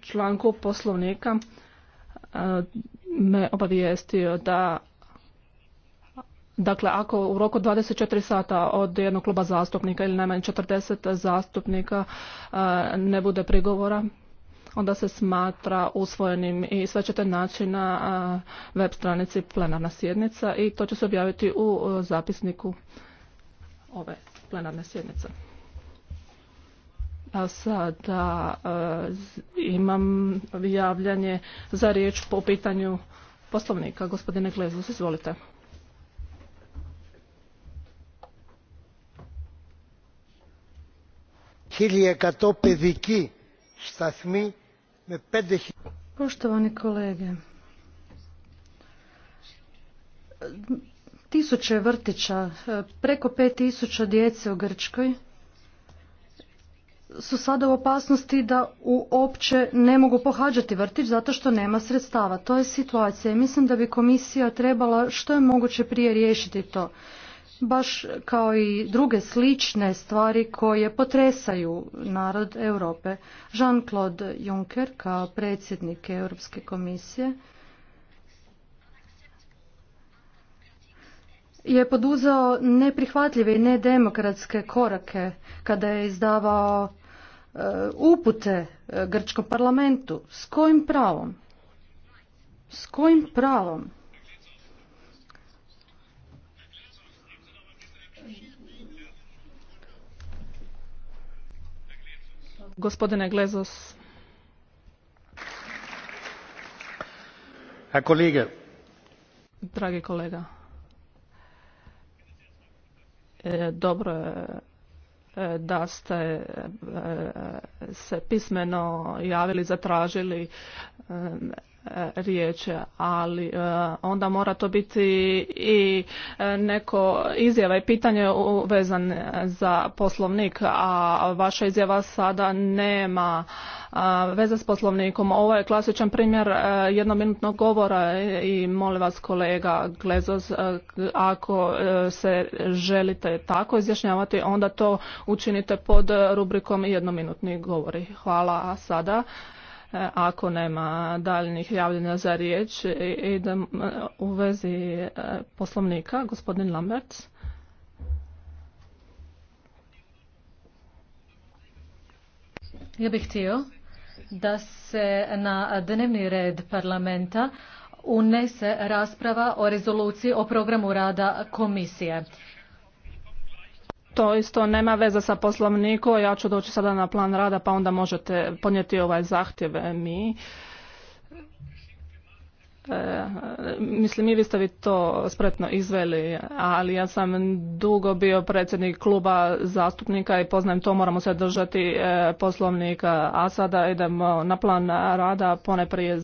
članku poslovnika e, me obavijestio da Dakle, ako u roku 24 sata od jednog kluba zastupnika ili najmanje 40 zastupnika e, ne bude prigovora, onda se smatra usvojenim i sve ćete naći na e, web stranici plenarna sjednica i to će se objaviti u zapisniku ove plenarne sjednice. A sada e, imam javljanje za riječ po pitanju poslovnika. Gospodine Glezus, izvolite. Poštovani kolege, tisuće vrtića, e, preko pet tisuća djece u Grčkoj su sada u opasnosti da uopće ne mogu pohađati vrtić zato što nema sredstava. To je situacija i mislim da bi komisija trebala što je moguće prije riješiti to. Baš kao i druge slične stvari koje potresaju narod Europe. Jean-Claude Juncker kao predsjednik Europske komisije je poduzao neprihvatljive i nedemokratske korake kada je izdavao E, upute e, grčkom parlamentu. S kojim pravom? S kojim pravom? Gospodine Glezos. a Kollege. Dragi kolega. E, dobro je E, da ste e, e, se pismeno javili, zatražili riječi, ali e, onda mora to biti i e, neko izjava i pitanje vezan za poslovnik, a vaša izjava sada nema e, veze s poslovnikom. Ovo je klasičan primjer jednominutnog govora i molim vas kolega Glezos, ako se želite tako izjašnjavati, onda to učinite pod rubrikom jednominutni govori. Hvala, a sada E, ako nema daljnih javljena za riječ, e, idem e, u vezi poslovnika, gospodin Lamberts. Ja bih htio da se na dnevni red parlamenta unese rasprava o rezoluciji o programu rada komisije. To isto nema veze sa poslovnikom. Ja ću doći sada na plan rada pa onda možete ponijeti ovaj zahtjev e, mi. E, mislim i vi ste vi to spretno izveli, ali ja sam dugo bio predsjednik kluba zastupnika i poznajem to, moramo se držati e, poslovnika, a sada idemo na plan rada pone prije